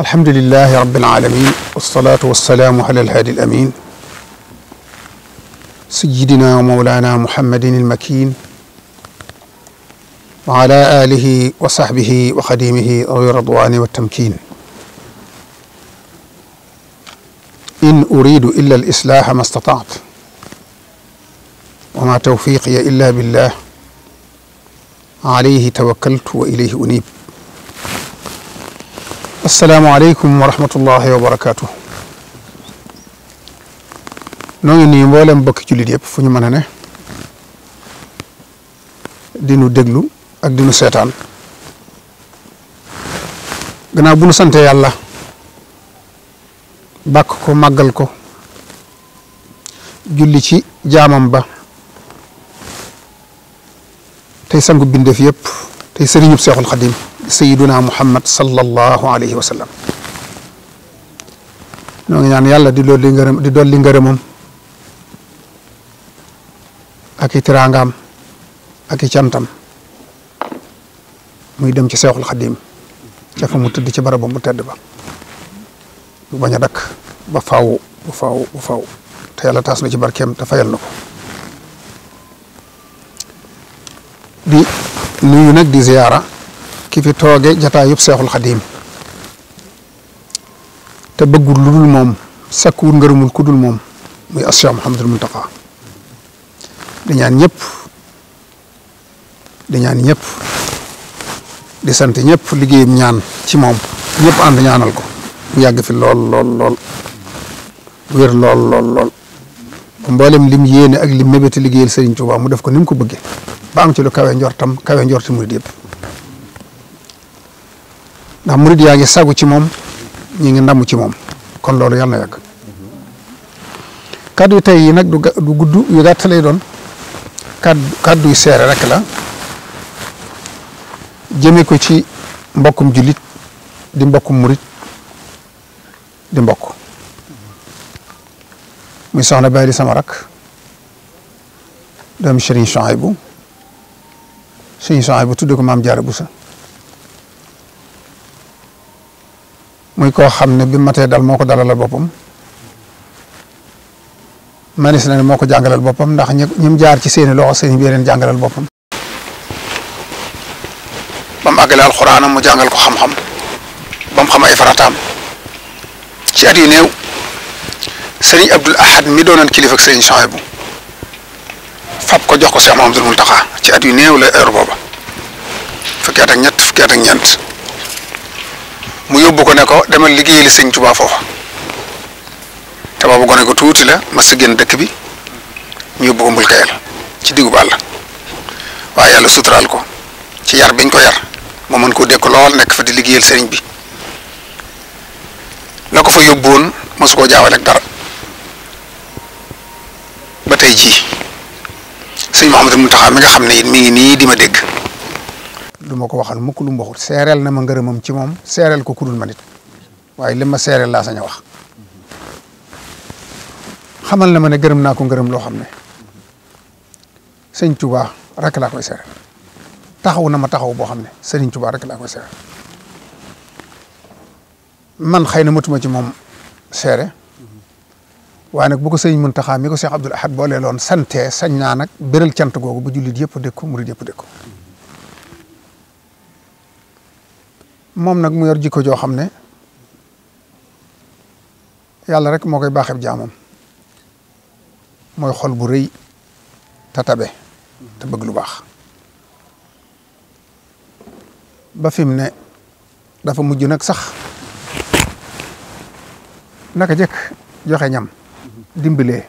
alhamdulilahi rabbil alamin walsalaatu walsalaamu ala alhaadi alamin sayidina wa mawlana muhammadin almakin wa ala alihi wa sahbihi wa xadimihi rawi radwani waltamkin in uridu illa alislaha ma stataat wa ma tawfiqiya illa billah alayhi tawakkaltu wa ilayhi unib asalaamaaleykum wa rahmatullahi wa noo ngi nii mboolem bokki jullit yëpp fu ñu mën a ne di nu déglu ak di seetaan gannaaw bu nu sante yàlla bàkk ko màggal ko julli ci jaamam ba tey sangu bindeef yëpp tey sëriñub seexul xadim sayiduna muhammad sallallahu alayhi wa sallam ñoo ngi ñaan yàlla di dolli ngërëm di dolli ngërëmam ak i tiraangaam cantam muy dem ci seexul xadim ca fa mu tëdd ci barabam bu tedd ba bu bañ a dakk ba faw ba faaw ba faaw te yàlla taas na ci barkeem te fayal na ko di nuyu nag di ziyaara ki fi tooge jataa yëpp seexul xadiim te bëggul lu dul moom sakkuwul ngërëmul ku dul moom muy as Cheikh Mouhamadul Muntaqa di ñaan ñëpp di ñaan ñëpp di sant ñëpp liggéeyam ñaan ci moom ñëpp ànd ñaanal ko mu yàgg fi lool lool lool wér lool lool lool mboolem lim yéene ak lim mébéti liggéeyal Serigne Touba mu def ko ni mu ko bëggee ba am ci lu kawe njortam kawe njorti murid yëpp ndax murid yaa ngi sagu ci moom ñi ngi ndamu ci moom kon loolu yàlla na yàgg kàddu yi tey yi nag du gudd yu gàtt lay doon kàddu kàddu yu seere rek la jëme ko ci mbokkum jullit di mbokkum murit di mbokk muy soxna Baali sama rak doomi Sëriñ Suhaybu Sëriñ Suhaybu tudde ko maam Jaara Buso muy ko xam ne bi matee dal moo ko dalalal boppam manis na ne moo ko jàngalal boppam ndax ñi jaar ci seeni loxo seen bi yeneen jàngalal boppam ba mu àggale alxuraanam mu jàngal ko xam-xam ba xam ay farataam ci at yu néew sëriñ Abdul Ahad mi doonoon kilifa ak sëriñ Souhaïbou fab ko jox ko Cheikh Mahamadul Muntaxa ci at yu néew la heure booba fukki at ñett fukki at ak mu yóbbu ko ne ko demal liggéeyal sëñ Tuubaa foofu te boobu gone ko tuuti la ma a génn dëkk bi ñu yóbbu ko mbul kayal ci diggu bàll waaye yàlla suturaal ko ci yar biñ ko yar moo mën koo dékk lool nekk fa di liggéeyal sëriñ bi la ko fa yóbbuwoon mosu koo jaawale ak dara ba tey jii sëñ Mouhamadou Mountakha mi nga xam ne it mi ngi nii di ma dégg. du ma ko waxal mukk lu mu waxut seereel na ma ngërëmam ci moom seereel ko kudul ma nit waaye li ma seereel laa saña a wax xamal na ma ne gërëm naa ko ngërëm loo xam ne sëñ Tuba rek laa koy seereel na ma taxaw boo xam ne sëriñ Tuba rek laa man xëy na matuma ci moom seere waaye nag bu ko sëñ Muntaxa mi ko Cheikh Abdoul Ahad boolee loon sante sañ naa nag béral cant googu bu jullit yëpp dégg ko murid yëpp moom nag mu yor jikko joo xam ne yàlla rek moo koy baaxeeb jaamam mooy xol bu rëy te tabe te bëgg lu baax ba fi mu ne dafa mujj nag sax naka jëkk joxe ñam dimbalee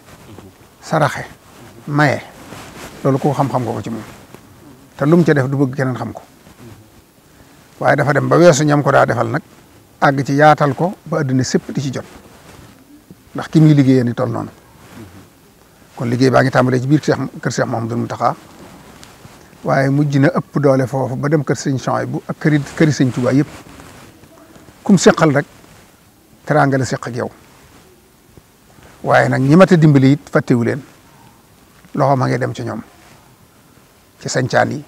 saraxe maye loolu ko xam-xam nga ko ci moom te lu mu ca def du bëgg keneen xam ko waaye dafa dem ba weesu ñam ko daa defal nag àgg ci yaatal ko ba adduna sépp di ci jot ndax ki muy liggéeyee ni toll noonu kon liggéey baa ngi tàmbalee ci biir Cheikh kër Cheikh Mouhamadou Mountakha waaye mujj na ëpp doole foofu ba dem kër Sëñ bu ak këri këri Sëñ Touba yëpp kum seqal rek teraanga la seq ak yow waaye nag ñi mat a dimbali it fàttewu leen loxo ma ngi dem ci ñoom ci sancaan yi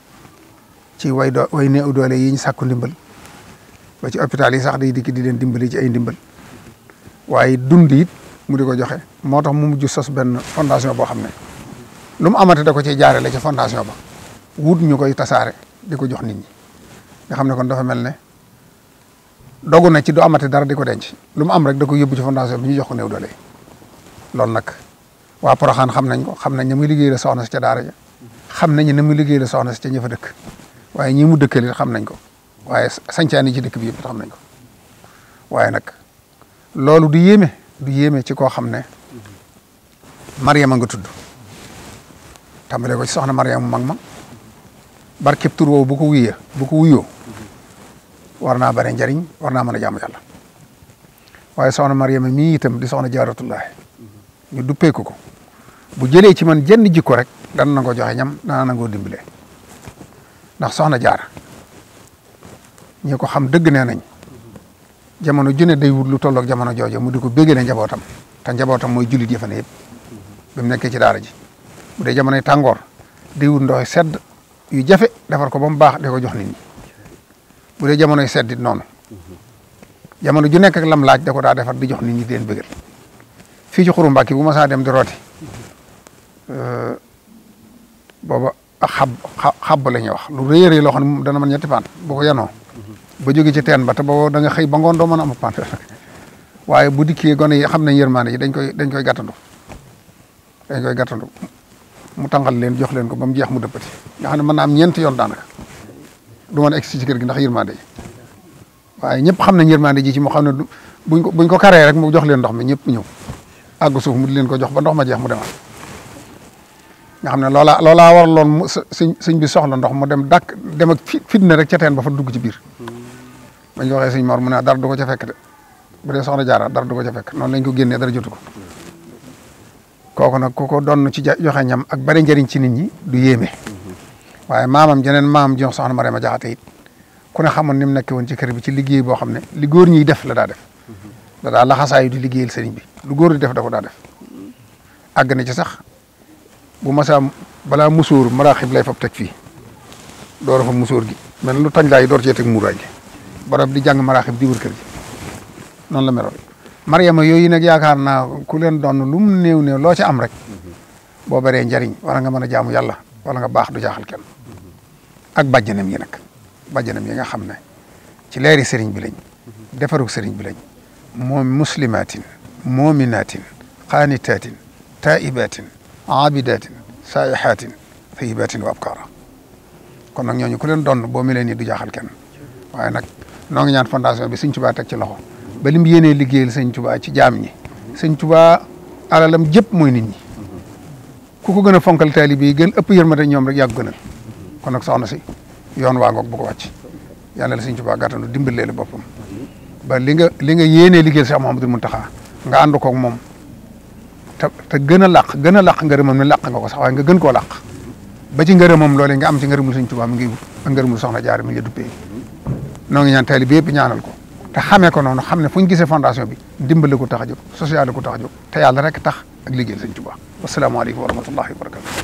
ci way do way néew yi ñu sàkku ndimbal ba ci hôpital yi sax day dikk di leen dimbali ci ay ndimbal waaye dund it mu di ko joxe moo tax mu mujj sos benn fondation boo xam ne lu mu amate da ko ci jaarale ci fondation ba wut ñu koy tasaare di ko jox nit nga xam ne kon dafa mel ne dogu na ci du amate dara di ko denc lu mu am rek da ko yóbbu ci fondation bi ñu jox ko néew doole yi loolu nag waa Porokhane xam nañ ko xam nañ ne muy liggéey la soxna si ca daara ja xam nañ ne muy liggéey la soxna si ca ñëfa dëkk waaye ñi mu dëkkale xam nañ ko waaye sancaani ci dëkk bi yëpp xam nañ ko waaye nag loolu du yéeme du yéeme ci koo xam ne Mariama nga tudd tàmbale ko ci soxna Mariama mag ma barkeb tur woowu bu ko wuyee bu ko wuyoo war naa bare njariñ war naa mën a jaamu yàlla waaye soxna Mariama mii itam di soxna jaaratullahi ñu duppee ko bu jëlee ci man jenn jikko rek dana nangoo joxe ñam na nangoo dimbalee ndax soxna jaar ñi ko xam dëgg nee nañ jamono june day wut lu tolloog jamono joojo mu di ko béggale njabootam te njabootam mooy jullit yi fa ne yëpp bi mu nekkee ci daara ji bu dee jamonoy tàngoor day wut ndox sedd yu jafe defar ko ba mu baax di ko jox nit ñi bu dee jamonoy sedd it noonu jamono ju nekk lam laaj da ko daa defar di jox nit ñi di leen fii ci xuru Mbàkke bu ma saa dem di rooti euh, ak xab xab la ñuy wax lu rëy a loo xam ne moom dana ma ñetti paan boo ko yanoo ba jóge ci teen ba te booba da nga xëy ba ngoon doo mën a am paan waaye bu dikkee gone yi xam nañ yërmaane yi dañ koy dañ koy gàttandu dañ koy gàttandu mu tàngal leen jox leen ko ba mu jeex mu dëppati nga xam ne mën naa am ñeenti yoon daanaka du mën a egsi ci kër gi ndax yërmaande yi waaye ñëpp xam nañ yërmaande ji ci mu xam ne buñ ko buñ ko karee rek mu jox leen ndox mi ñëpp ñëw àgg suuf mu di leen ko jox ba ndox ma jeex mu demaat nga xam ne loolaa loolaa waraloon mu sëñ sëñ bi soxla ndox mu dem dàkk dem ak fitna rek ca teen ba fa dugg ci biir hmm. ba ñu waxee sëñ Mor mu ne dara du ko ca fekk de bu dee soxna jaara dara du ko ca fekk noonu lañ ko génnee dara jotu ko hmm. kooku nag ku ko doon ci joxe ñam ak bari njëriñ ci nit ñi du yéeme hmm. waaye maamam jeneen maam ji soxna Mariama Jaxate it ku ne xamoon ni mu nekkee woon ci kër bi ci liggéey boo xam ne li góor ñiy def la daa def da daa yi di liggéeyal sëriñ bi lu góor di def da ko daa na ci sax bu masaam balaa musuur maraaxib lay fab teg fii door fa musuur gi men lu tañ laay door cee teg muuraay gi barab di jàng maraaxib di wër kër gi noonu la meloon Mariama yooyu nag yaakaar na ku leen doon lu mu néew néew loo ci am rek boo baree njariñ wala nga mën a jaamu yàlla wala nga baax du jaaxal kenn ak bàjjanam yi nag bàjjanam yi nga xam ne ci leeri sëriñ bi lañ defarug sëriñ bi lañ moom muslimatin moominatin xaanitaatin taaibatin abidatin saihatin tayyibatin wa abkaara kon nag ñooñu ku don doon boo melee nii du jaaxal kenn waaye nag noo ngi ñaan fondation bi sëñ Tuubaa teg ci loxo ba lim yéenee liggéeyal sëñ Tuubaa ci jaam ñi sëñ Tuubaa alalam jëpp mooy nit ñi ku ko gën a fonkal taali bi gën ëpp yërmande ñoom rek yàgg gënal kon nag soxna si yoon waa ngoog bu ko wàcc yàlla la sëñ Tuubaa gàttanu boppam ba li nga li nga yéenee liggéeyal Cheikh Mouhamadou Mountakha nga ànd koog moom te te gën a làq gën a làq ngërëmam ne làq nga ko sax waaye nga gën koo làq ba ci ngërëmam loolee nga am ci ngërëmul Sëñ Tuubaa mi ngi wut ak ngërëmul soxna Jaara mi ngi duppee noo ñaan taalibe bi yëpp ñaanal ko te xamee ko noonu xam ne fu ñu fondation bi dimbale ko tax a jóg social ko tax a jóg te yàlla rek tax ak liggéeyal Sëñ Tuubaa wasalaamaaleykum wa rahmatullahi wa barakatu